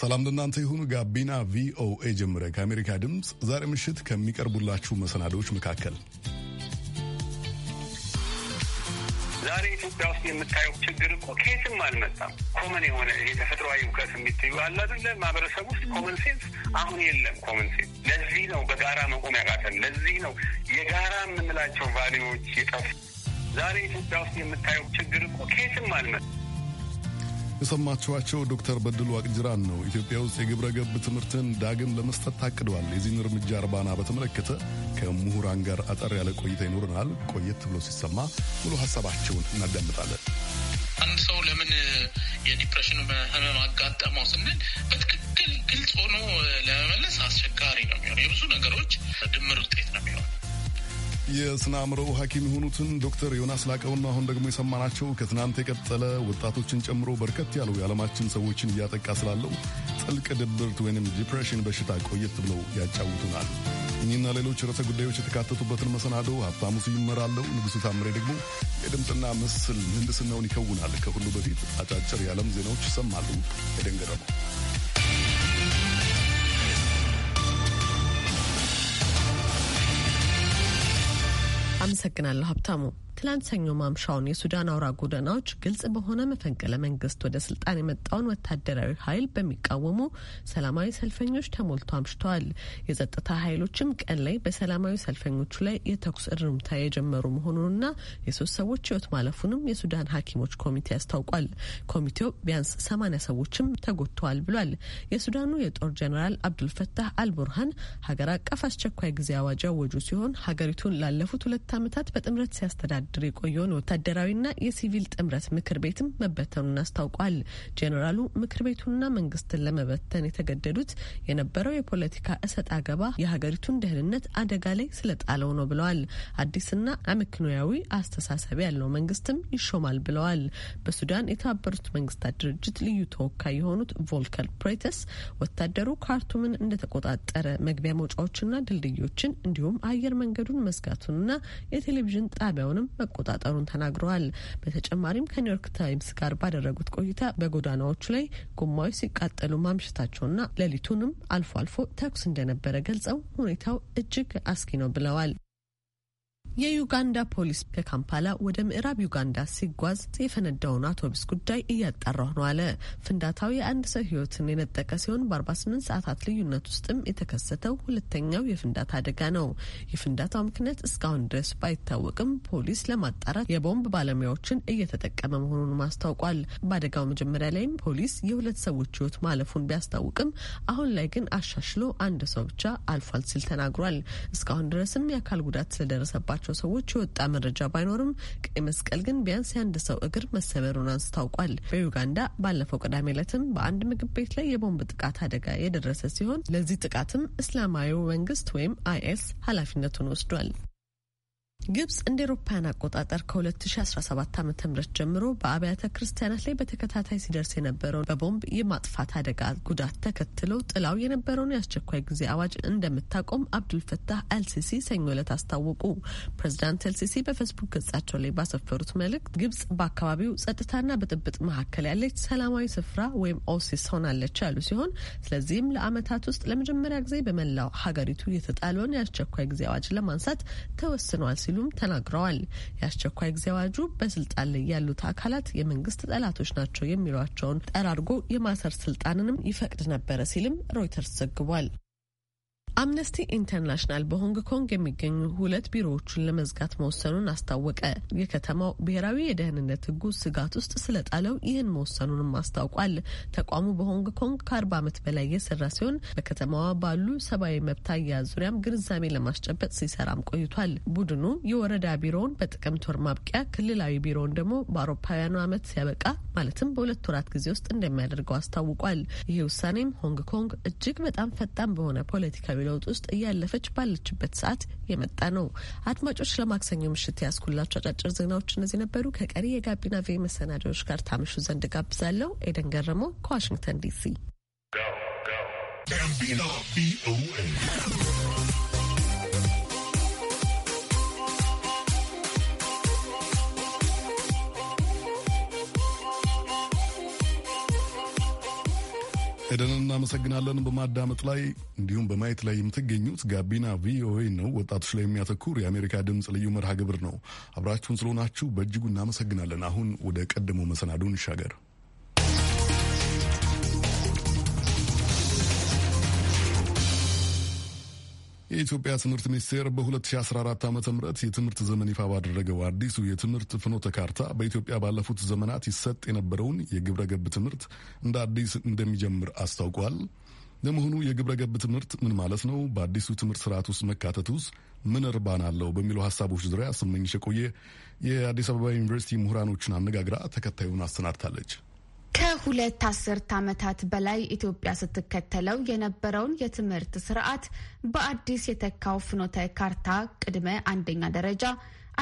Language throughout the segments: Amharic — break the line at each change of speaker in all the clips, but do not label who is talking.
ሰላም ለእናንተ ይሁን። ጋቢና ቪኦኤ ጀምረ ከአሜሪካ ድምፅ ዛሬ ምሽት ከሚቀርቡላችሁ መሰናዶዎች መካከል
ዛሬ ኢትዮጵያ ውስጥ የምታየው ችግር እኮ ከየትም አልመጣም። ኮመን የሆነ ይሄ ተፈጥሯዊ እውቀት የሚትዩ አለ አይደለ? ማህበረሰብ ውስጥ ኮመን ሴንስ አሁን የለም። ኮመን ሴንስ ለዚህ ነው በጋራ መቆም ያቃተን። ለዚህ ነው የጋራ የምንላቸው ቫሊዎች የጠፉ። ዛሬ ኢትዮጵያ ውስጥ የምታየው ችግር እኮ ከየትም አልመጣም።
የሰማችኋቸው ዶክተር በድሉ አቅጅራን ነው። ኢትዮጵያ ውስጥ የግብረ ገብ ትምህርትን ዳግም ለመስጠት ታቅደዋል። የዚህን እርምጃ እርባና በተመለከተ ከምሁራን ጋር አጠር ያለ ቆይታ ይኖረናል። ቆየት ብሎ ሲሰማ ሙሉ ሀሳባቸውን እናዳምጣለን።
አንድ ሰው ለምን የዲፕሬሽን ህመም አጋጠመው ስንል በትክክል ግልጽ ሆኖ ለመመለስ አስቸጋሪ ነው የሚሆነው የብዙ
የስነ አእምሮ ሐኪም የሆኑትን ዶክተር ዮናስ ላቀውና አሁን ደግሞ የሰማናቸው ከትናንት የቀጠለ ወጣቶችን ጨምሮ በርከት ያሉ የዓለማችን ሰዎችን እያጠቃ ስላለው ጥልቅ ድብርት ወይንም ዲፕሬሽን በሽታ ቆየት ብለው ያጫውቱናል። እኚህና ሌሎች ርዕሰ ጉዳዮች የተካተቱበትን መሰናዶ ሀብታሙ ይመራለው፣ ንጉሥ ታምሬ ደግሞ የድምፅና ምስል ምህንድስናውን ይከውናል። ከሁሉ በፊት አጫጭር የዓለም ዜናዎች ይሰማሉ። የደንገረመው
አመሰግናለሁ ሀብታሙ። ትላንት ሰኞ ማምሻውን የሱዳን አውራ ጎዳናዎች ግልጽ በሆነ መፈንቅለ መንግስት ወደ ስልጣን የመጣውን ወታደራዊ ኃይል በሚቃወሙ ሰላማዊ ሰልፈኞች ተሞልቶ አምሽተዋል። የጸጥታ ኃይሎችም ቀን ላይ በሰላማዊ ሰልፈኞቹ ላይ የተኩስ እርምታ የጀመሩ መሆኑንና የሶስት ሰዎች ህይወት ማለፉንም የሱዳን ሐኪሞች ኮሚቴ አስታውቋል። ኮሚቴው ቢያንስ ሰማኒያ ሰዎችም ተጎድተዋል ብሏል። የሱዳኑ የጦር ጀኔራል አብዱልፈታህ አልቡርሃን ሀገር አቀፍ አስቸኳይ ጊዜ አዋጅ ያወጁ ሲሆን ሀገሪቱን ላለፉት ሁለት ዓመታት በጥምረት ሲያስተዳድ ሲያስተዳድር የቆየውን ወታደራዊና የሲቪል ጥምረት ምክር ቤትም መበተኑን አስታውቋል። ጄኔራሉ ምክር ቤቱና መንግስትን ለመበተን የተገደዱት የነበረው የፖለቲካ እሰጥ አገባ የሀገሪቱን ደህንነት አደጋ ላይ ስለጣለው ነው ብለዋል። አዲስና አመክንያዊ አስተሳሰብ ያለው መንግስትም ይሾማል ብለዋል። በሱዳን የተባበሩት መንግስታት ድርጅት ልዩ ተወካይ የሆኑት ቮልከር ፕሬተስ ወታደሩ ካርቱምን እንደተቆጣጠረ መግቢያ መውጫዎችና ድልድዮችን እንዲሁም አየር መንገዱን መዝጋቱንና የቴሌቪዥን ጣቢያውንም መቆጣጠሩን ተናግረዋል። በተጨማሪም ከኒውዮርክ ታይምስ ጋር ባደረጉት ቆይታ በጎዳናዎቹ ላይ ጎማዎች ሲቃጠሉ ማምሸታቸውና ሌሊቱንም አልፎ አልፎ ተኩስ እንደነበረ ገልጸው ሁኔታው እጅግ አስጊ ነው ብለዋል። የዩጋንዳ ፖሊስ ከካምፓላ ወደ ምዕራብ ዩጋንዳ ሲጓዝ የፈነዳውን አውቶቡስ ጉዳይ እያጣራሁ ነው አለ። ፍንዳታው የአንድ ሰው ሕይወትን የነጠቀ ሲሆን በ48 ሰዓታት ልዩነት ውስጥም የተከሰተው ሁለተኛው የፍንዳታ አደጋ ነው። የፍንዳታው ምክንያት እስካሁን ድረስ ባይታወቅም ፖሊስ ለማጣራት የቦምብ ባለሙያዎችን እየተጠቀመ መሆኑን ማስታውቋል። በአደጋው መጀመሪያ ላይም ፖሊስ የሁለት ሰዎች ሕይወት ማለፉን ቢያስታውቅም አሁን ላይ ግን አሻሽሎ አንድ ሰው ብቻ አልፏል ሲል ተናግሯል። እስካሁን ድረስም የአካል ጉዳት ስለደረሰባቸው ከደረሰባቸው ሰዎች የወጣ መረጃ ባይኖርም ቀይ መስቀል ግን ቢያንስ የአንድ ሰው እግር መሰበሩን አስታውቋል። በዩጋንዳ ባለፈው ቅዳሜ ዕለትም በአንድ ምግብ ቤት ላይ የቦምብ ጥቃት አደጋ የደረሰ ሲሆን ለዚህ ጥቃትም እስላማዊ መንግስት ወይም አይኤስ ኃላፊነቱን ወስዷል። ግብጽ እንደ ኤሮፓያን አቆጣጠር ከ2017 ዓ ም ጀምሮ በአብያተ ክርስቲያናት ላይ በተከታታይ ሲደርስ የነበረውን በቦምብ የማጥፋት አደጋ ጉዳት ተከትሎ ጥላው የነበረውን የአስቸኳይ ጊዜ አዋጅ እንደምታቆም አብዱልፈታህ አልሲሲ ሰኞ ዕለት አስታወቁ። ፕሬዚዳንት አልሲሲ በፌስቡክ ገጻቸው ላይ ባሰፈሩት መልእክት ግብጽ በአካባቢው ጸጥታና ብጥብጥ መካከል ያለች ሰላማዊ ስፍራ ወይም ኦሲስ ሆናለች ያሉ ሲሆን ስለዚህም ለአመታት ውስጥ ለመጀመሪያ ጊዜ በመላው ሀገሪቱ የተጣለውን የአስቸኳይ ጊዜ አዋጅ ለማንሳት ተወስኗል ሲሉም ተናግረዋል። የአስቸኳይ ጊዜ አዋጁ በስልጣን ላይ ያሉት አካላት የመንግስት ጠላቶች ናቸው የሚሏቸውን ጠራርጎ የማሰር ስልጣንንም ይፈቅድ ነበረ ሲልም ሮይተርስ ዘግቧል። አምነስቲ ኢንተርናሽናል በሆንግ ኮንግ የሚገኙ ሁለት ቢሮዎቹን ለመዝጋት መወሰኑን አስታወቀ። የከተማው ብሔራዊ የደህንነት ህጉ ስጋት ውስጥ ስለጣለው ይህን መወሰኑንም አስታውቋል። ተቋሙ በሆንግ ኮንግ ከአርባ ዓመት በላይ የሰራ ሲሆን በከተማዋ ባሉ ሰብአዊ መብት አያያዝ ዙሪያም ግንዛቤ ለማስጨበጥ ሲሰራም ቆይቷል። ቡድኑ የወረዳ ቢሮውን በጥቅምት ወር ማብቂያ፣ ክልላዊ ቢሮውን ደግሞ በአውሮፓውያኑ ዓመት ሲያበቃ ማለትም በሁለት ወራት ጊዜ ውስጥ እንደሚያደርገው አስታውቋል። ይህ ውሳኔም ሆንግ ኮንግ እጅግ በጣም ፈጣን በሆነ ፖለቲካዊ ለውጥ ውስጥ እያለፈች ባለችበት ሰዓት የመጣ ነው። አድማጮች፣ ለማክሰኞ ምሽት ያስኩላቸው አጫጭር ዜናዎች እነዚህ ነበሩ። ከቀሪ የጋቢና ቬ መሰናዳዎች ጋር ታምሹ ዘንድ ጋብዛለሁ። ኤደን ገረመው ከዋሽንግተን ዲሲ
ኤደን እናመሰግናለን። በማዳመጥ ላይ እንዲሁም በማየት ላይ የምትገኙት ጋቢና ቪኦኤ ነው። ወጣቶች ላይ የሚያተኩር የአሜሪካ ድምፅ ልዩ መርሃ ግብር ነው። አብራችሁን ስለሆናችሁ በእጅጉ እናመሰግናለን። አሁን ወደ ቀደመው መሰናዶ እንሻገር። የኢትዮጵያ ትምህርት ሚኒስቴር በ2014 ዓ ም የትምህርት ዘመን ይፋ ባደረገው አዲሱ የትምህርት ፍኖተ ካርታ በኢትዮጵያ ባለፉት ዘመናት ይሰጥ የነበረውን የግብረ ገብ ትምህርት እንደ አዲስ እንደሚጀምር አስታውቋል። ለመሆኑ የግብረ ገብ ትምህርት ምን ማለት ነው? በአዲሱ ትምህርት ስርዓት ውስጥ መካተት ውስጥ ምን እርባና አለው? በሚሉ ሀሳቦች ዙሪያ ስመኝሽ የቆየ የአዲስ አበባ ዩኒቨርሲቲ ምሁራኖችን አነጋግራ ተከታዩን አሰናድታለች።
ከሁለት አስርት ዓመታት በላይ ኢትዮጵያ ስትከተለው የነበረውን የትምህርት ስርዓት በአዲስ የተካው ፍኖተ ካርታ ቅድመ አንደኛ ደረጃ፣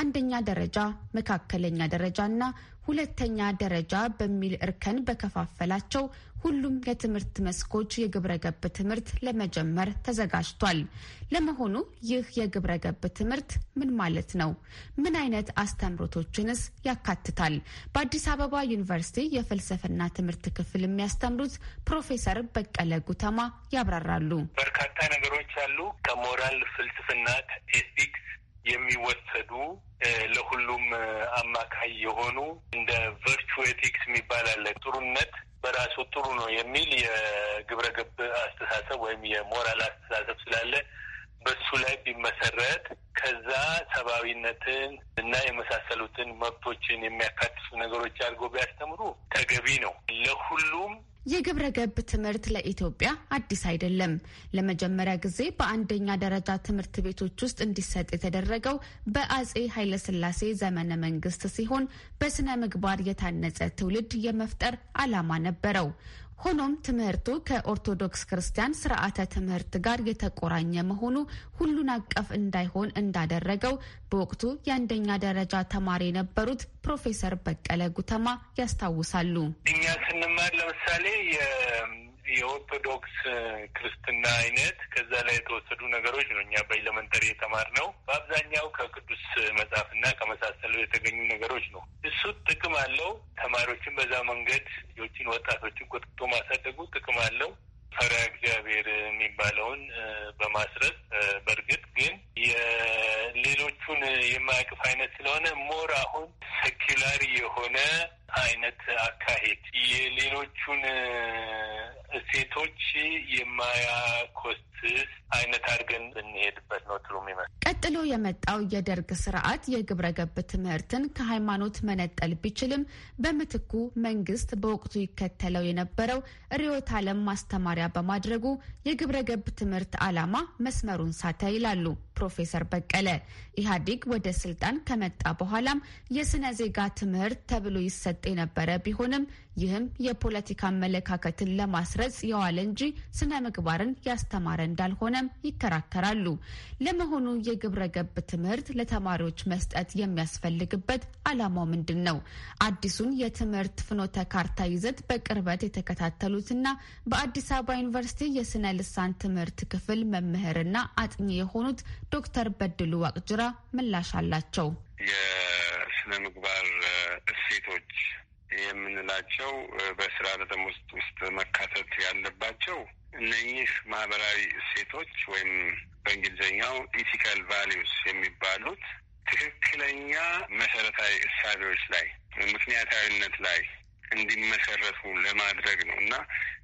አንደኛ ደረጃ፣ መካከለኛ ደረጃ እና ሁለተኛ ደረጃ በሚል እርከን በከፋፈላቸው ሁሉም የትምህርት መስኮች የግብረ ገብ ትምህርት ለመጀመር ተዘጋጅቷል። ለመሆኑ ይህ የግብረ ገብ ትምህርት ምን ማለት ነው? ምን አይነት አስተምሮቶችንስ ያካትታል? በአዲስ አበባ ዩኒቨርሲቲ የፍልስፍና ትምህርት ክፍል የሚያስተምሩት ፕሮፌሰር በቀለ ጉተማ ያብራራሉ። በርካታ
ነገሮች አሉ። ከሞራል ፍልስፍና፣ ከኤቲክስ የሚወሰዱ ለሁሉም አማካይ የሆኑ እንደ ቨርቹ ኤቲክስ የሚባል አለ። ጥሩነት በራሱ ጥሩ ነው የሚል የግብረ ገብ አስተሳሰብ ወይም የሞራል አስተሳሰብ ስላለ በሱ ላይ ቢመሰረት ከዛ ሰብአዊነትን እና የመሳሰሉትን መብቶችን የሚያካትቱ ነገሮች አድርጎ ቢያስተምሩ ተገቢ ነው። ለሁሉም
የግብረ ገብ ትምህርት ለኢትዮጵያ አዲስ አይደለም። ለመጀመሪያ ጊዜ በአንደኛ ደረጃ ትምህርት ቤቶች ውስጥ እንዲሰጥ የተደረገው በአጼ ኃይለስላሴ ዘመነ መንግስት ሲሆን በስነ ምግባር የታነጸ ትውልድ የመፍጠር ዓላማ ነበረው። ሆኖም ትምህርቱ ከኦርቶዶክስ ክርስቲያን ስርዓተ ትምህርት ጋር የተቆራኘ መሆኑ ሁሉን አቀፍ እንዳይሆን እንዳደረገው በወቅቱ የአንደኛ ደረጃ ተማሪ የነበሩት ፕሮፌሰር በቀለ ጉተማ ያስታውሳሉ። እኛ
ስንማር ለምሳሌ የኦርቶዶክስ ክርስትና አይነት ከዛ ላይ የተወሰዱ ነገሮች ነው። እኛ በኤሌመንተሪ የተማርነው በአብዛኛው ከቅዱስ መጽሐፍና ከመሳሰለው የተገኙ ነገሮች ነው። እሱ ጥቅም አለው። ተማሪዎችን በዛ መንገድ ዎችን ወጣቶችን ቆጥቶ ማሳደጉ ጥቅም አለው። ፈሪሃ እግዚአብሔር የሚባለውን በማስረት በእርግጥ ግን የሌሎቹን የማያቅፍ አይነት ስለሆነ ሞር አሁን ሴኪላሪ የሆነ አይነት አካሄድ የሌሎቹን እሴቶች የማያ
የመጣው የደርግ ስርዓት የግብረ ገብ ትምህርትን ከሃይማኖት መነጠል ቢችልም በምትኩ መንግስት በወቅቱ ይከተለው የነበረው ርዕዮተ ዓለም ማስተማሪያ በማድረጉ የግብረ ገብ ትምህርት ዓላማ መስመሩን ሳተ ይላሉ ፕሮፌሰር በቀለ። ኢህአዴግ ወደ ስልጣን ከመጣ በኋላም የስነ ዜጋ ትምህርት ተብሎ ይሰጥ የነበረ ቢሆንም ይህም የፖለቲካ አመለካከትን ለማስረጽ የዋለ እንጂ ስነ ምግባርን ያስተማረ እንዳልሆነም ይከራከራሉ። ለመሆኑ የግብረ ገብ ትምህርት ለተማሪዎች መስጠት የሚያስፈልግበት ዓላማው ምንድን ነው? አዲሱን የትምህርት ፍኖተ ካርታ ይዘት በቅርበት የተከታተሉትና በአዲስ አበባ ዩኒቨርሲቲ የስነ ልሳን ትምህርት ክፍል መምህርና አጥኚ የሆኑት ዶክተር በድሉ ዋቅጅራ ምላሽ አላቸው።
የስነ ምግባር እሴቶች የምንላቸው በስራ በደሞዝ ውስጥ መካተት ያለባቸው እነኚህ ማህበራዊ እሴቶች ወይም በእንግሊዝኛው ኢቲካል ቫሊዩስ የሚባሉት ትክክለኛ መሰረታዊ እሳቤዎች ላይ ምክንያታዊነት ላይ እንዲመሰረቱ ለማድረግ ነው እና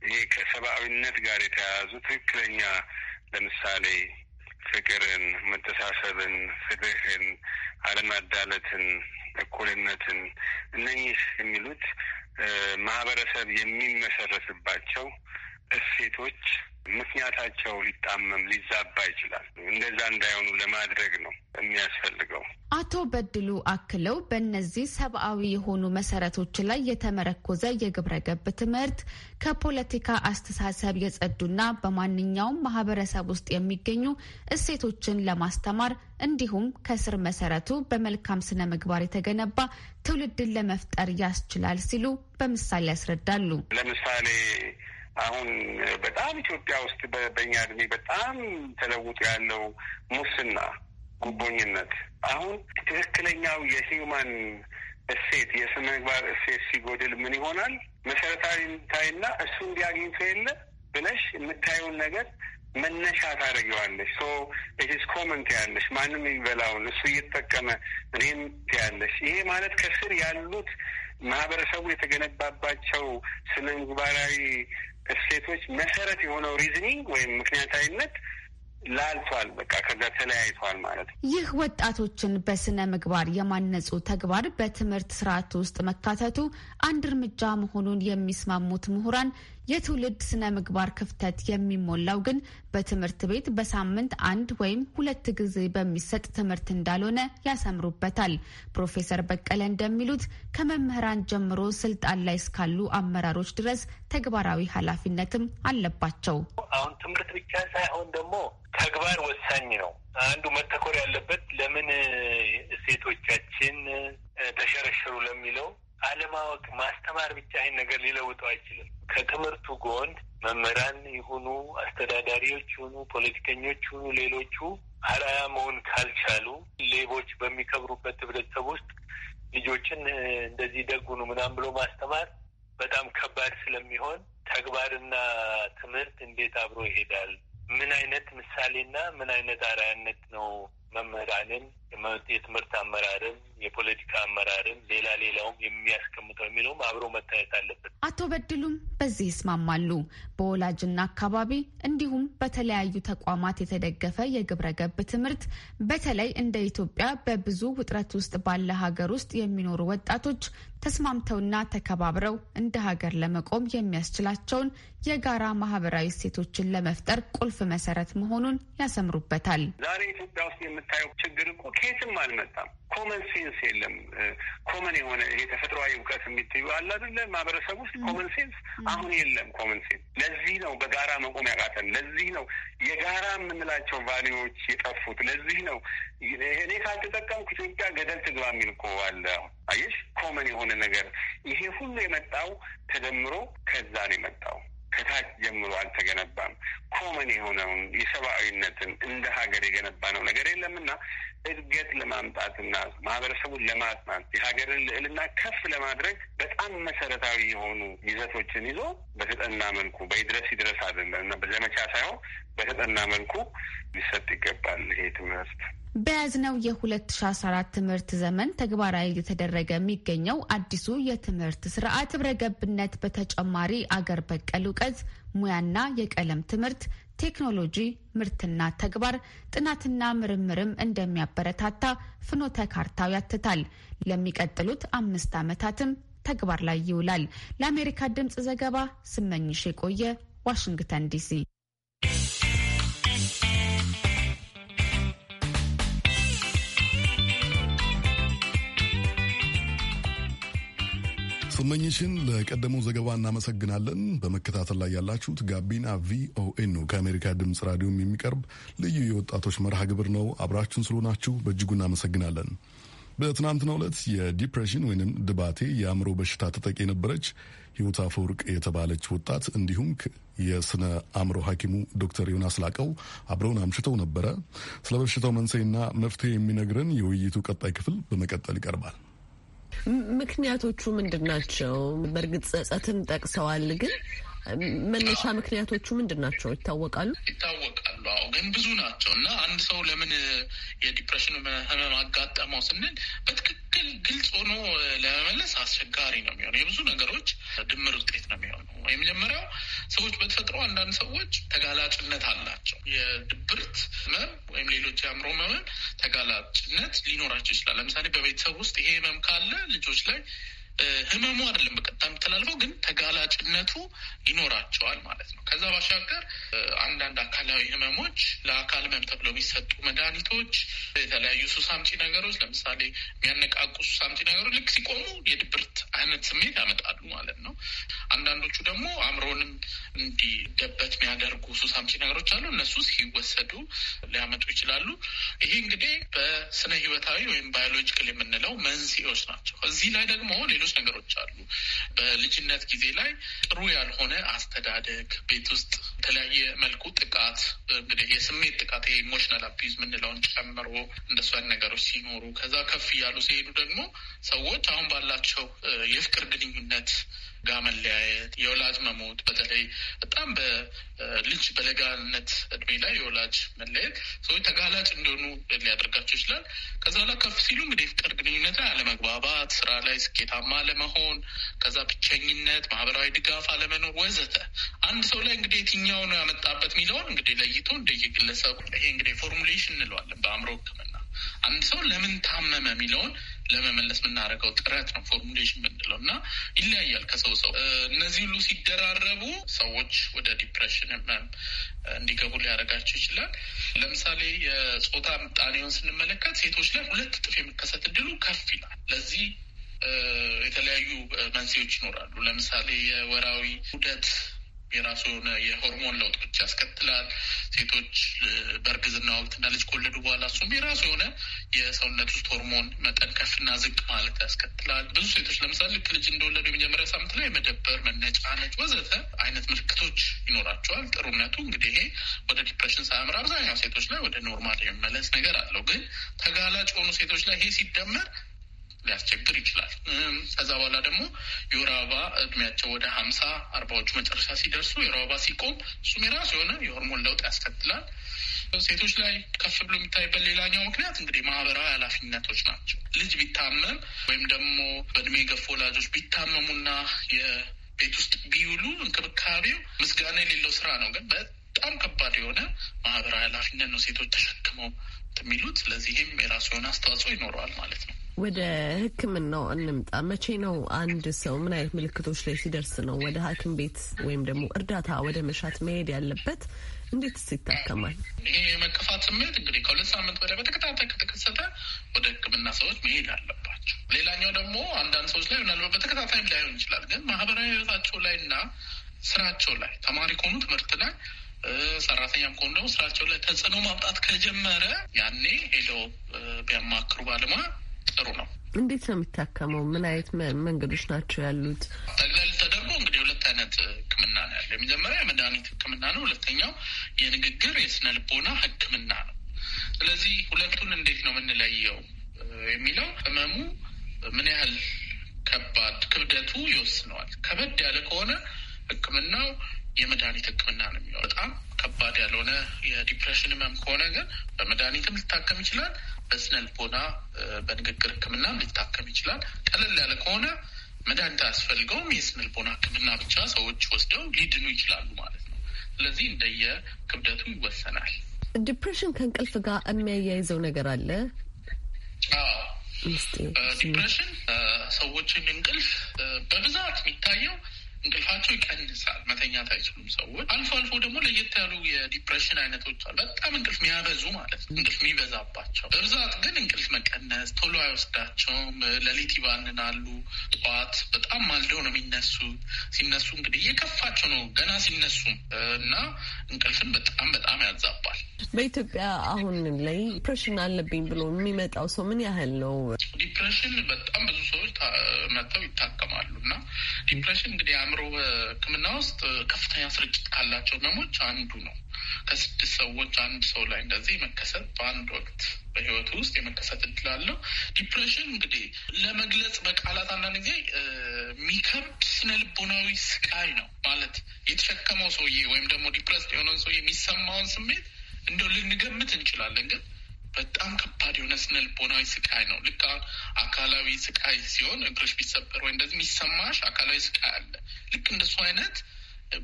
ይሄ ከሰብአዊነት ጋር የተያያዙ ትክክለኛ ለምሳሌ ፍቅርን፣ መተሳሰብን፣ ፍትህን፣ አለማዳለትን፣ እኩልነትን እነኚህ የሚሉት ማህበረሰብ የሚመሰረትባቸው እሴቶች ምክንያታቸው ሊጣመም ሊዛባ ይችላል። እንደዛ እንዳይሆኑ ለማድረግ ነው
የሚያስፈልገው። አቶ በድሉ አክለው በእነዚህ ሰብአዊ የሆኑ መሰረቶች ላይ የተመረኮዘ የግብረ ገብ ትምህርት ከፖለቲካ አስተሳሰብ የጸዱና በማንኛውም ማህበረሰብ ውስጥ የሚገኙ እሴቶችን ለማስተማር እንዲሁም ከስር መሰረቱ በመልካም ስነ ምግባር የተገነባ ትውልድን ለመፍጠር ያስችላል ሲሉ በምሳሌ ያስረዳሉ።
ለምሳሌ አሁን በጣም ኢትዮጵያ ውስጥ በእኛ እድሜ በጣም ተለውጦ ያለው ሙስና ጉቦኝነት አሁን ትክክለኛው የሂዩማን እሴት የስነ ምግባር እሴት ሲጎድል ምን ይሆናል? መሰረታዊ ምታይና እሱ እንዲያግኝቶ የለ ብለሽ የምታየውን ነገር መነሻ ታደርጊዋለሽ። ሶ ኢትስ ኮመን ትያለሽ፣ ማንም የሚበላውን እሱ እየተጠቀመ እኔም ትያለሽ። ይሄ ማለት ከስር ያሉት ማህበረሰቡ የተገነባባቸው ስነ ምግባራዊ እሴቶች መሰረት የሆነው ሪዝኒንግ ወይም ምክንያታዊነት ላልፏል። በቃ ከዛ ተለያይቷል ማለት ነው።
ይህ ወጣቶችን በስነ ምግባር የማነጹ ተግባር በትምህርት ስርዓት ውስጥ መካተቱ አንድ እርምጃ መሆኑን የሚስማሙት ምሁራን የትውልድ ስነ ምግባር ክፍተት የሚሞላው ግን በትምህርት ቤት በሳምንት አንድ ወይም ሁለት ጊዜ በሚሰጥ ትምህርት እንዳልሆነ ያሰምሩበታል። ፕሮፌሰር በቀለ እንደሚሉት ከመምህራን ጀምሮ ስልጣን ላይ እስካሉ አመራሮች ድረስ ተግባራዊ ኃላፊነትም አለባቸው።
አሁን ትምህርት ብቻ ሳይሆን ደግሞ ተግባር ወሳኝ ነው። አንዱ መተኮር ያለበት ለምን እሴቶቻችን ተሸረሸሩ ለሚለው አለማወቅ ማስተማር ብቻ ይህን ነገር ሊለውጠው አይችልም። ከትምህርቱ ጎን መምህራን ይሁኑ አስተዳዳሪዎች ይሁኑ ፖለቲከኞች ይሁኑ ሌሎቹ አርአያ መሆን ካልቻሉ ሌቦች በሚከብሩበት ህብረተሰብ ውስጥ ልጆችን እንደዚህ ደጉኑ ምናምን ብሎ ማስተማር በጣም ከባድ ስለሚሆን ተግባርና ትምህርት እንዴት አብሮ ይሄዳል? ምን አይነት ምሳሌና ምን አይነት አርአያነት ነው መምህራንን የትምህርት አመራርን የፖለቲካ አመራርን ሌላ ሌላውም የሚያስቀምጠው የሚለውም አብሮ መታየት አለበት።
አቶ በድሉም በዚህ ይስማማሉ። በወላጅና አካባቢ እንዲሁም በተለያዩ ተቋማት የተደገፈ የግብረ ገብ ትምህርት በተለይ እንደ ኢትዮጵያ በብዙ ውጥረት ውስጥ ባለ ሀገር ውስጥ የሚኖሩ ወጣቶች ተስማምተውና ተከባብረው እንደ ሀገር ለመቆም የሚያስችላቸውን የጋራ ማህበራዊ እሴቶችን ለመፍጠር ቁልፍ መሰረት መሆኑን ያሰምሩበታል።
ዛሬ ኢትዮጵያ ውስጥ የምታየው ችግር እኮ ከየትም አልመጣም። ኮመን ሴንስ የለም። ኮመን የሆነ ይሄ ተፈጥሯዊ እውቀት የሚትዩ አለ አይደለ? ማህበረሰብ ውስጥ ኮመን ሴንስ አሁን የለም። ኮመን ሴንስ ለዚህ ነው በጋራ መቆም ያቃተን። ለዚህ ነው የጋራ የምንላቸው ቫሊዎች የጠፉት። ለዚህ ነው እኔ ካልተጠቀምኩ ኢትዮጵያ ገደል ትግባ የሚል እኮ አለ። አየሽ፣ ኮመን የሆነ ነገር ይሄ ሁሉ የመጣው ተደምሮ ከዛ ነው የመጣው። ከታች ጀምሮ አልተገነባም። ኮመን የሆነውን የሰብአዊነትን እንደ ሀገር የገነባ ነው ነገር የለምና እድገት ለማምጣትና ማህበረሰቡን ለማጥናት የሀገርን ልዕልና ከፍ ለማድረግ በጣም መሰረታዊ የሆኑ ይዘቶችን ይዞ በተጠና መልኩ በይድረስ ይድረስ አይደለም እና በዘመቻ ሳይሆን በተጠና መልኩ ሊሰጥ ይገባል ይሄ ትምህርት።
በያዝነው የ2014 ትምህርት ዘመን ተግባራዊ እየተደረገ የሚገኘው አዲሱ የትምህርት ስርዓት ህብረ ገብነት በተጨማሪ አገር በቀል እውቀት፣ ሙያና የቀለም ትምህርት፣ ቴክኖሎጂ፣ ምርትና ተግባር፣ ጥናትና ምርምርም እንደሚያበረታታ ፍኖተ ካርታው ያትታል። ለሚቀጥሉት አምስት ዓመታትም ተግባር ላይ ይውላል። ለአሜሪካ ድምፅ ዘገባ ስመኝሽ የቆየ ዋሽንግተን ዲሲ
ስመኝሽን ለቀደመው ዘገባ እናመሰግናለን። በመከታተል ላይ ያላችሁት ጋቢና ቪኦኤ ነው፣ ከአሜሪካ ድምፅ ራዲዮም የሚቀርብ ልዩ የወጣቶች መርሃ ግብር ነው። አብራችሁን ስለሆናችሁ በእጅጉ እናመሰግናለን። በትናንትናው ዕለት የዲፕሬሽን ወይንም ድባቴ የአእምሮ በሽታ ተጠቂ የነበረች ህይወት አፈወርቅ የተባለች ወጣት እንዲሁም የስነ አእምሮ ሐኪሙ ዶክተር ዮናስ ላቀው አብረውን አምሽተው ነበረ። ስለ በሽታው መንስኤና መፍትሄ የሚነግረን የውይይቱ ቀጣይ ክፍል በመቀጠል ይቀርባል።
ምክንያቶቹ ምንድን ናቸው? በእርግጥ ጸጸትን ጠቅሰዋል፣ ግን መነሻ ምክንያቶቹ ምንድን ናቸው? ይታወቃሉ ይታወቃሉ። አዎ፣ ግን ብዙ ናቸው እና አንድ ሰው ለምን
የዲፕሬሽን ህመም አጋጠመው ስንል በትክክል ግልጽ ሆኖ ለመመለስ አስቸጋሪ ነው የሚሆነው። የብዙ ነገሮች ድምር ውጤት ነው የሚሆነው። የመጀመሪያው ሰዎች በተፈጥሮ አንዳንድ ሰዎች ተጋላጭነት አላቸው። የድብርት ህመም ወይም ሌሎች የአእምሮ ህመም ተጋላጭነት ሊኖራቸው ይችላል። ለምሳሌ በቤተሰብ ውስጥ ይሄ ህመም ካለ ልጆች ላይ ህመሙ አይደለም በቀጥታ የምትላልፈው፣ ግን ተጋላጭነቱ ይኖራቸዋል ማለት ነው። ከዛ ባሻገር አንዳንድ አካላዊ ህመሞች ለአካል ህመም ተብሎ የሚሰጡ መድኃኒቶች፣ የተለያዩ ሱስ አምጪ ነገሮች ለምሳሌ የሚያነቃቁ ሱስ አምጪ ነገሮች ልክ ሲቆሙ የድብርት አይነት ስሜት ያመጣሉ ማለት ነው። አንዳንዶቹ ደግሞ አእምሮንም እንዲደበት የሚያደርጉ ሱስ አምጪ ነገሮች አሉ። እነሱ ሲወሰዱ ሊያመጡ ይችላሉ። ይሄ እንግዲህ በስነ ህይወታዊ ወይም ባዮሎጂካል የምንለው መንስኤዎች ናቸው። እዚህ ላይ ደግሞ ሌሎች ነገሮች አሉ። በልጅነት ጊዜ ላይ ጥሩ ያልሆነ አስተዳደግ ቤት ውስጥ የተለያየ መልኩ ጥቃት እንግዲህ የስሜት ጥቃት ኢሞሽናል አቢዩዝ የምንለውን ጨምሮ እንደሷን ነገሮች ሲኖሩ ከዛ ከፍ እያሉ ሲሄዱ ደግሞ ሰዎች አሁን ባላቸው የፍቅር ግንኙነት ጋር መለያየት፣ የወላጅ መሞት፣ በተለይ በጣም በልጅ በለጋነት እድሜ ላይ የወላጅ መለየት ሰዎች ተጋላጭ እንደሆኑ ሊያደርጋቸው ይችላል። ከዛ ላይ ከፍ ሲሉ እንግዲህ ፍቅር ግንኙነት ላይ አለመግባባት፣ ስራ ላይ ስኬታማ አለመሆን፣ ከዛ ብቸኝነት፣ ማህበራዊ ድጋፍ አለመኖር ወዘተ አንድ ሰው ላይ እንግዲህ የትኛው ነው ያመጣበት የሚለውን እንግዲህ ለይቶ እንደየግለሰቡ ይሄ እንግዲህ ፎርሙሌሽን እንለዋለን በአእምሮ ሕክምና አንድ ሰው ለምን ታመመ የሚለውን ለመመለስ የምናደርገው ጥረት ነው ፎርሙሌሽን ምንለው እና ይለያያል ከሰው ሰው። እነዚህ ሁሉ ሲደራረቡ ሰዎች ወደ ዲፕሬሽን እንዲገቡ ሊያደርጋቸው ይችላል። ለምሳሌ የጾታ ምጣኔውን ስንመለከት ሴቶች ላይ ሁለት እጥፍ የመከሰት እድሉ ከፍ ይላል። ለዚህ የተለያዩ መንስኤዎች ይኖራሉ። ለምሳሌ የወራዊ ውደት። የራሱ የሆነ የሆርሞን ለውጦች ያስከትላል። ሴቶች በእርግዝና ወቅትና ልጅ ከወለዱ በኋላ እሱም የራሱ የሆነ የሰውነት ውስጥ ሆርሞን መጠን ከፍና ዝቅ ማለት ያስከትላል። ብዙ ሴቶች ለምሳሌ ልክ ልጅ እንደወለዱ የመጀመሪያ ሳምንት ላይ መደበር፣ መነጫነጭ ወዘተ አይነት ምልክቶች ይኖራቸዋል። ጥሩነቱ እንግዲህ ይሄ ወደ ዲፕሬሽን ሳያምር አብዛኛው ሴቶች ላይ ወደ ኖርማል የመመለስ ነገር አለው። ግን ተጋላጭ የሆኑ ሴቶች ላይ ይሄ ሲደመር ሊያስቸግር ይችላል። ከዛ በኋላ ደግሞ የወር አበባ እድሜያቸው ወደ ሀምሳ አርባዎቹ መጨረሻ ሲደርሱ የወር አበባ ሲቆም እሱም የራሱ የሆነ የሆርሞን ለውጥ ያስከትላል። ሴቶች ላይ ከፍ ብሎ የሚታይበት ሌላኛው ምክንያት እንግዲህ ማህበራዊ ኃላፊነቶች ናቸው። ልጅ ቢታመም ወይም ደግሞ በእድሜ የገፉ ወላጆች ቢታመሙና የቤት ውስጥ ቢውሉ እንክብካቤው ምስጋና የሌለው ስራ ነው ግን በጣም ከባድ የሆነ ማህበራዊ ኃላፊነት ነው ሴቶች ተሸክመው የሚሉት። ስለዚህም የራሱ የሆነ አስተዋጽኦ ይኖረዋል ማለት ነው።
ወደ ሕክምናው እንምጣ። መቼ ነው አንድ ሰው ምን አይነት ምልክቶች ላይ ሲደርስ ነው ወደ ሐኪም ቤት ወይም ደግሞ እርዳታ ወደ መሻት መሄድ ያለበት? እንዴትስ ይታከማል?
ይህ የመከፋት ስሜት እንግዲህ ከሁለት ሳምንት በላይ በተከታታይ ከተከሰተ ወደ ሕክምና ሰዎች መሄድ አለባቸው። ሌላኛው ደግሞ አንዳንድ ሰዎች ላይ ምናልባት በተከታታይም ላይሆን ይችላል፣ ግን ማህበራዊ ህይወታቸው ላይ እና ስራቸው ላይ ተማሪ ከሆኑ ትምህርት ላይ ሰራተኛም ከሆኑ ደግሞ ስራቸው ላይ ተጽዕኖ ማምጣት ከጀመረ ያኔ ሄደው ቢያማክሩ ባለሙያ ጥሩ ነው።
እንዴት ነው የሚታከመው? ምን አይነት መንገዶች ናቸው ያሉት?
ጠቅለል ተደርጎ እንግዲህ ሁለት አይነት ሕክምና ነው ያለው። የመጀመሪያ የመድኃኒት ሕክምና ነው። ሁለተኛው የንግግር የስነ ልቦና ሕክምና ነው። ስለዚህ ሁለቱን እንዴት ነው የምንለየው የሚለው ህመሙ ምን ያህል ከባድ ክብደቱ ይወስነዋል። ከበድ ያለ ከሆነ ሕክምናው የመድኃኒት ሕክምና ነው የሚሆነው። በጣም ከባድ ያልሆነ የዲፕሬሽን ህመም ከሆነ ግን በመድኃኒትም ሊታከም ይችላል በስነ ልቦና በንግግር ህክምና ሊታከም ይችላል። ቀለል ያለ ከሆነ መድኃኒት አያስፈልገውም። የስነ ልቦና ህክምና ብቻ ሰዎች ወስደው ሊድኑ ይችላሉ ማለት ነው። ስለዚህ እንደየ ክብደቱ ይወሰናል።
ዲፕሬሽን ከእንቅልፍ ጋር የሚያያይዘው ነገር አለ።
ዲፕሬሽን ሰዎችን እንቅልፍ በብዛት የሚታየው እንቅልፋቸው ይቀንሳል። ይነሳል፣ መተኛት አይችሉም ሰዎች። አልፎ አልፎ ደግሞ ለየት ያሉ የዲፕሬሽን አይነቶች አሉ። በጣም እንቅልፍ የሚያበዙ ማለት ነው፣ እንቅልፍ የሚበዛባቸው። በብዛት ግን እንቅልፍ መቀነስ፣ ቶሎ አይወስዳቸውም፣ ሌሊት ይባንናሉ፣ ጠዋት በጣም ማልደው ነው የሚነሱ። ሲነሱ እንግዲህ እየከፋቸው ነው ገና ሲነሱ እና እንቅልፍን በጣም በጣም ያዛባል።
በኢትዮጵያ አሁን ላይ ዲፕሬሽን አለብኝ ብሎ የሚመጣው ሰው ምን ያህል ነው?
ዲፕሬሽን በጣም ብዙ ሰዎች መጥተው ይታከማሉ እና ዲፕሬሽን እንግዲህ የአእምሮ ሕክምና ውስጥ ከፍተኛ ስርጭት ካላቸው ህመሞች አንዱ ነው። ከስድስት ሰዎች አንድ ሰው ላይ እንደዚህ መከሰት በአንድ ወቅት በህይወቱ ውስጥ የመከሰት እድል አለው። ዲፕሬሽን እንግዲህ ለመግለጽ በቃላት አንዳንድ ጊዜ የሚከብድ ስነ ልቦናዊ ስቃይ ነው ማለት የተሸከመው ሰውዬ ወይም ደግሞ ዲፕረስ የሆነውን ሰውዬ የሚሰማውን ስሜት እንደው ልንገምት እንችላለን ግን በጣም ከባድ የሆነ ስነ ልቦናዊ ስቃይ ነው። ልክ አካላዊ ስቃይ ሲሆን እግሮች ቢሰበር ወይ እንደዚህ የሚሰማሽ አካላዊ ስቃይ አለ። ልክ እንደሱ አይነት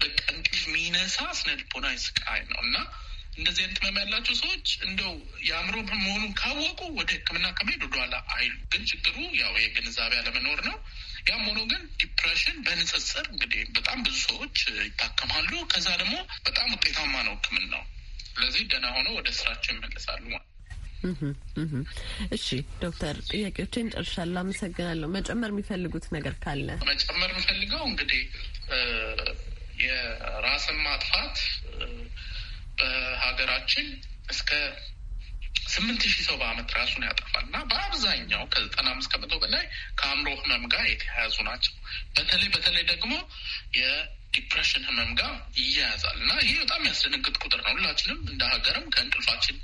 በቃ እንቅልፍ የሚነሳ ስነልቦናዊ ስቃይ ነው እና እንደዚህ አይነት ህመም ያላቸው ሰዎች እንደው የአእምሮ መሆኑን ካወቁ ወደ ሕክምና ከመሄድ ወደኋላ አይሉ። ግን ችግሩ ያው የግንዛቤ አለመኖር ነው። ያም ሆኖ ግን ዲፕሬሽን በንጽጽር እንግዲህ በጣም ብዙ ሰዎች ይታከማሉ። ከዛ ደግሞ በጣም ውጤታማ ነው ሕክምናው። ስለዚህ ደህና ሆኖ ወደ ስራቸው ይመለሳሉ።
እሺ ዶክተር ጥያቄዎችን ጨርሻለሁ። አመሰግናለሁ። መጨመር የሚፈልጉት ነገር ካለ
መጨመር የሚፈልገው እንግዲህ የራስን ማጥፋት በሀገራችን እስከ ስምንት ሺህ ሰው በአመት ራሱን ያጠፋል እና በአብዛኛው ከዘጠና አምስት ከመቶ በላይ ከአእምሮ ህመም ጋር የተያያዙ ናቸው። በተለይ በተለይ ደግሞ ዲፕሬሽን ህመም ጋር ይያያዛል እና ይሄ በጣም ያስደነግጥ ቁጥር ነው። ሁላችንም እንደ ሀገርም ከእንቅልፋችን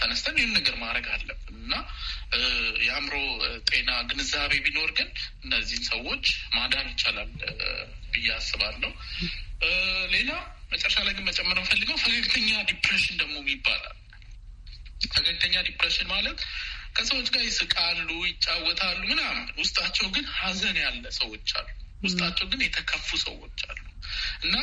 ተነስተን ይህን ነገር ማድረግ አለብን እና የአእምሮ ጤና ግንዛቤ ቢኖር ግን እነዚህን ሰዎች ማዳን ይቻላል ብዬ አስባለሁ። ሌላ መጨረሻ ላይ ግን መጨመር ፈልገው ፈገግተኛ ዲፕሬሽን ደግሞ ይባላል። ፈገግተኛ ዲፕሬሽን ማለት ከሰዎች ጋር ይስቃሉ፣ ይጫወታሉ ምናምን ውስጣቸው ግን ሀዘን ያለ ሰዎች አሉ ውስጣቸው ግን የተከፉ ሰዎች አሉ እና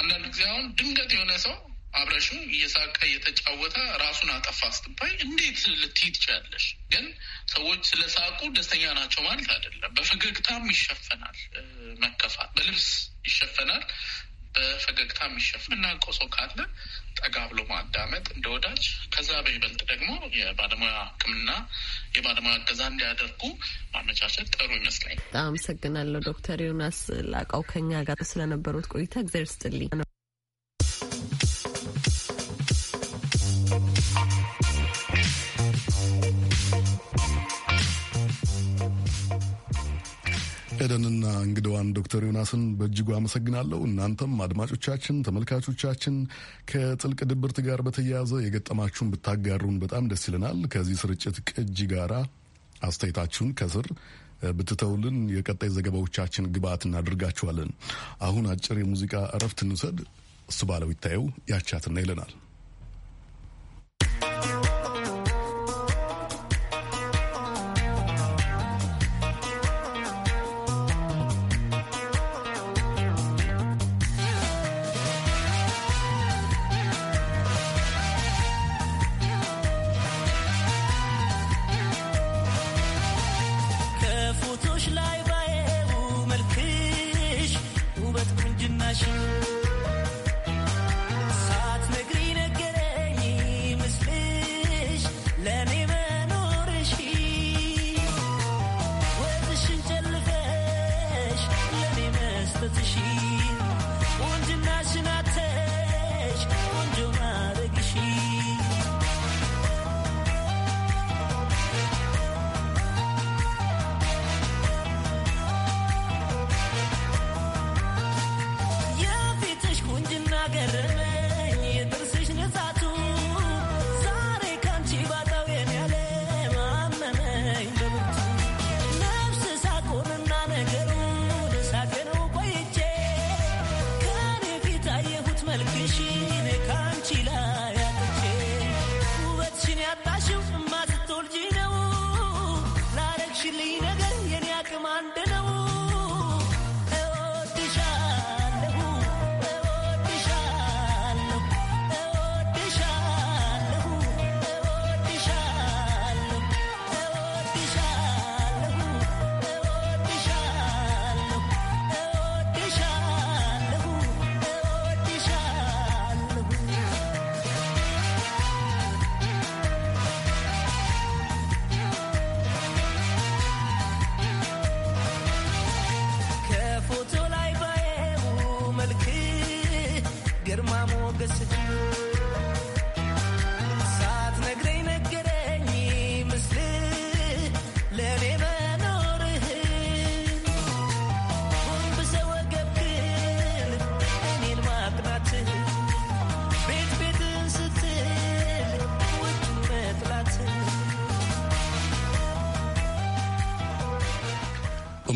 አንዳንድ ጊዜ አሁን ድንገት የሆነ ሰው አብረሹ እየሳቀ እየተጫወተ ራሱን አጠፋ ስትባይ እንዴት ልትይ ትችላለሽ? ግን ሰዎች ስለሳቁ ደስተኛ ናቸው ማለት አይደለም። በፈገግታም ይሸፈናል መከፋት፣ በልብስ ይሸፈናል፣ በፈገግታም ይሸፈናል። እናውቀው ሰው ካለ ጠጋ ብሎ ማዳመጥ እንደ ወዳጅ፣ ከዛ በይበልጥ ደግሞ የባለሙያ ሕክምና የባለሙያ እገዛ እንዲያደርጉ ማመቻቸት
ጥሩ ይመስለኛል። በጣም አመሰግናለሁ ዶክተር ዮናስ ላቃው ከኛ ጋር ስለነበሩት ቆይታ እግዚአብሔር ይስጥልኝ።
እንግዳዋን ዶክተር ዮናስን በእጅጉ አመሰግናለሁ። እናንተም አድማጮቻችን፣ ተመልካቾቻችን ከጥልቅ ድብርት ጋር በተያያዘ የገጠማችሁን ብታጋሩን በጣም ደስ ይለናል። ከዚህ ስርጭት ቅጂ ጋራ አስተያየታችሁን ከስር ብትተውልን የቀጣይ ዘገባዎቻችን ግብአት እናደርጋችኋለን። አሁን አጭር የሙዚቃ እረፍት እንውሰድ። እሱ ባለው ይታየው ያቻትና ይለናል።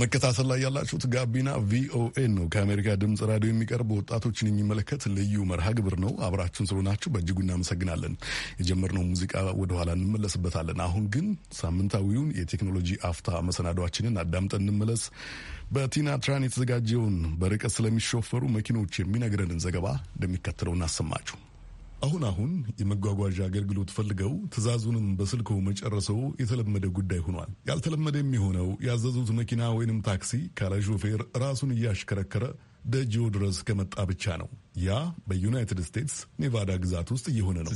በመከታተል ላይ ያላችሁት ጋቢና ቪኦኤ ነው ከአሜሪካ ድምፅ ራዲዮ የሚቀርብ ወጣቶችን የሚመለከት ልዩ መርሃ ግብር ነው። አብራችሁን ስለሆናችሁ በእጅጉ እናመሰግናለን። የጀመርነው ሙዚቃ ወደኋላ እንመለስበታለን። አሁን ግን ሳምንታዊውን የቴክኖሎጂ አፍታ መሰናዷችንን አዳምጠን እንመለስ። በቲና ትራን የተዘጋጀውን በርቀት ስለሚሾፈሩ መኪኖች የሚነግረንን ዘገባ እንደሚከተለው እናሰማችሁ። አሁን አሁን የመጓጓዣ አገልግሎት ፈልገው ትዕዛዙንም በስልኮ መጨረሰው የተለመደ ጉዳይ ሆኗል። ያልተለመደ የሚሆነው ያዘዙት መኪና ወይንም ታክሲ ካለ ሾፌር ራሱን እያሽከረከረ ደጅዎ ድረስ ከመጣ ብቻ ነው። ያ በዩናይትድ ስቴትስ ኔቫዳ ግዛት ውስጥ እየሆነ ነው።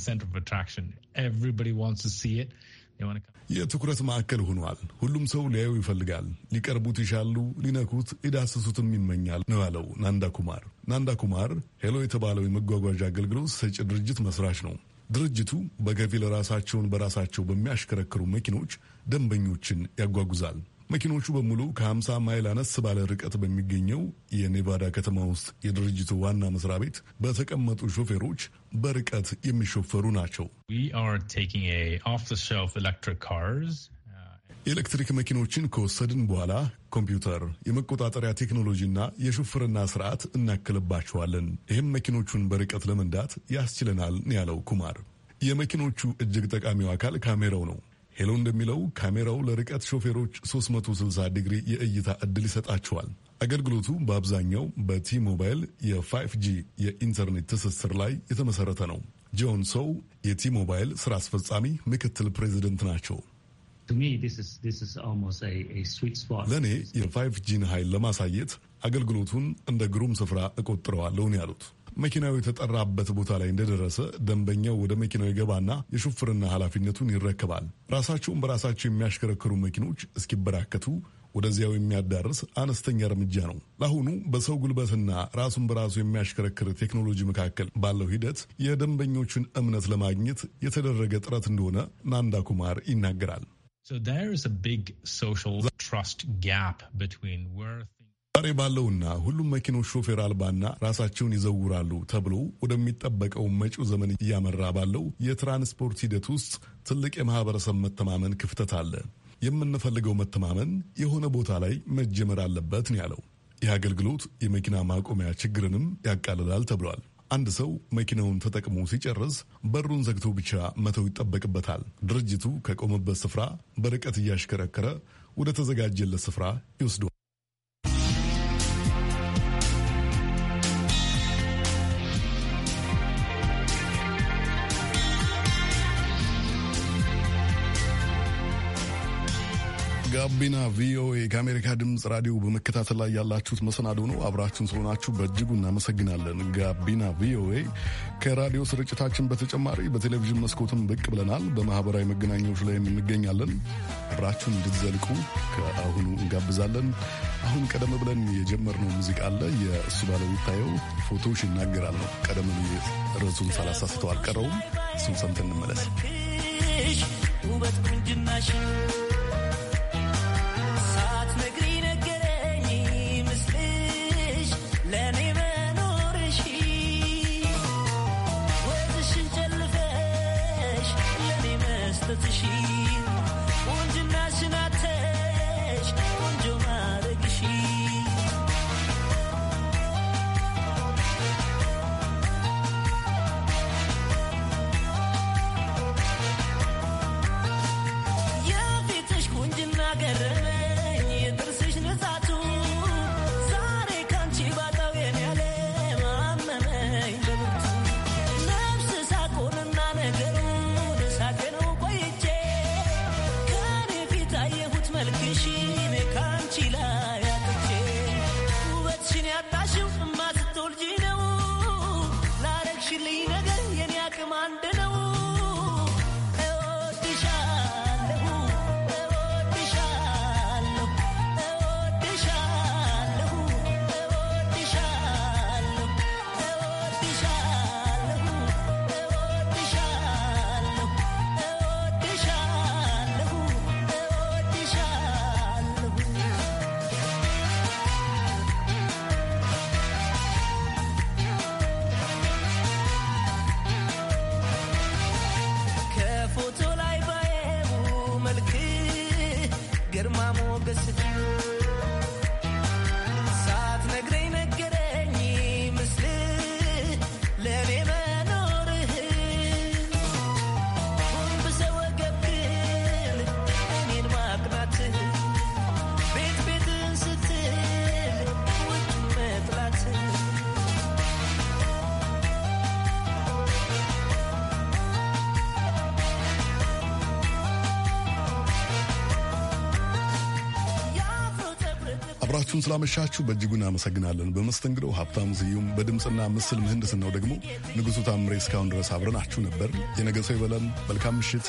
የትኩረት ማዕከል ሆኗል። ሁሉም ሰው ሊያዩ ይፈልጋል፣ ሊቀርቡት ይሻሉ፣ ሊነኩት ሊዳስሱትም ይመኛል ነው ያለው ናንዳ ኩማር። ናንዳ ኩማር ሄሎ የተባለው የመጓጓዣ አገልግሎት ሰጪ ድርጅት መስራች ነው። ድርጅቱ በከፊል ራሳቸውን በራሳቸው በሚያሽከረክሩ መኪኖች ደንበኞችን ያጓጉዛል። መኪኖቹ በሙሉ ከ50 ማይል አነስ ባለ ርቀት በሚገኘው የኔቫዳ ከተማ ውስጥ የድርጅቱ ዋና መስሪያ ቤት በተቀመጡ ሾፌሮች በርቀት የሚሾፈሩ ናቸው። የኤሌክትሪክ uh, መኪኖችን ከወሰድን በኋላ ኮምፒውተር፣ የመቆጣጠሪያ ቴክኖሎጂና የሹፍርና ስርዓት እናክልባቸዋለን። ይህም መኪኖቹን በርቀት ለመንዳት ያስችለናል ያለው ኩማር። የመኪኖቹ እጅግ ጠቃሚው አካል ካሜራው ነው። ሄሎ እንደሚለው ካሜራው ለርቀት ሾፌሮች 360 ዲግሪ የእይታ ዕድል ይሰጣቸዋል። አገልግሎቱ በአብዛኛው በቲ የ የፋይፍ ጂ የኢንተርኔት ትስስር ላይ የተመሰረተ ነው። ጆን ሶው ሞባይል ስራ አስፈጻሚ ምክትል ፕሬዚደንት ናቸው። ለእኔ የፋይፍ ጂን ኃይል ለማሳየት አገልግሎቱን እንደ ግሩም ስፍራ እቆጥረዋለሁ ያሉት። መኪናው የተጠራበት ቦታ ላይ እንደደረሰ ደንበኛው ወደ መኪናው ይገባና የሹፍርና ኃላፊነቱን ይረከባል። ራሳቸውን በራሳቸው የሚያሽከረክሩ መኪኖች እስኪበራከቱ ወደዚያው የሚያዳርስ አነስተኛ እርምጃ ነው። ለአሁኑ በሰው ጉልበትና ራሱን በራሱ የሚያሽከረክር ቴክኖሎጂ መካከል ባለው ሂደት የደንበኞቹን እምነት ለማግኘት የተደረገ ጥረት እንደሆነ ናንዳ ኩማር ይናገራል። ዛሬ ባለውና ሁሉም መኪኖች ሾፌር አልባና ራሳቸውን ይዘውራሉ ተብሎ ወደሚጠበቀው መጪው ዘመን እያመራ ባለው የትራንስፖርት ሂደት ውስጥ ትልቅ የማህበረሰብ መተማመን ክፍተት አለ። የምንፈልገው መተማመን የሆነ ቦታ ላይ መጀመር አለበት ነው ያለው። ይህ አገልግሎት የመኪና ማቆሚያ ችግርንም ያቃልላል ተብሏል። አንድ ሰው መኪናውን ተጠቅሞ ሲጨርስ በሩን ዘግቶ ብቻ መተው ይጠበቅበታል። ድርጅቱ ከቆመበት ስፍራ በርቀት እያሽከረከረ ወደ ተዘጋጀለት ስፍራ ይወስዷል። ጋቢና ቪኦኤ ከአሜሪካ ድምፅ ራዲዮ በመከታተል ላይ ያላችሁት መሰናዶ ነው። አብራችሁን ስለሆናችሁ በእጅጉ እናመሰግናለን። ጋቢና ቪኦኤ ከራዲዮ ስርጭታችን በተጨማሪ በቴሌቪዥን መስኮትም ብቅ ብለናል። በማህበራዊ መገናኛዎች ላይም እንገኛለን። አብራችሁን እንድትዘልቁ ከአሁኑ እንጋብዛለን። አሁን ቀደም ብለን የጀመርነው ሙዚቃ አለ። የእሱ ባለው ፎቶዎች ይናገራል ነው። ቀደም ብዬ ርዕሱን ሳላሳስተው አልቀረውም። እሱን ሰምተን እንመለስ።
ውበት ቁንጅናሽ
አብራችሁን ስላመሻችሁ በእጅጉን አመሰግናለን። በመስተንግደው ሀብታሙ ስዩም፣ በድምፅና ምስል ምህንድስናው ደግሞ ንጉሡ ታምሬ እስካሁን ድረስ አብረናችሁ ነበር። የነገ ሰው ይበለን። መልካም ምሽት።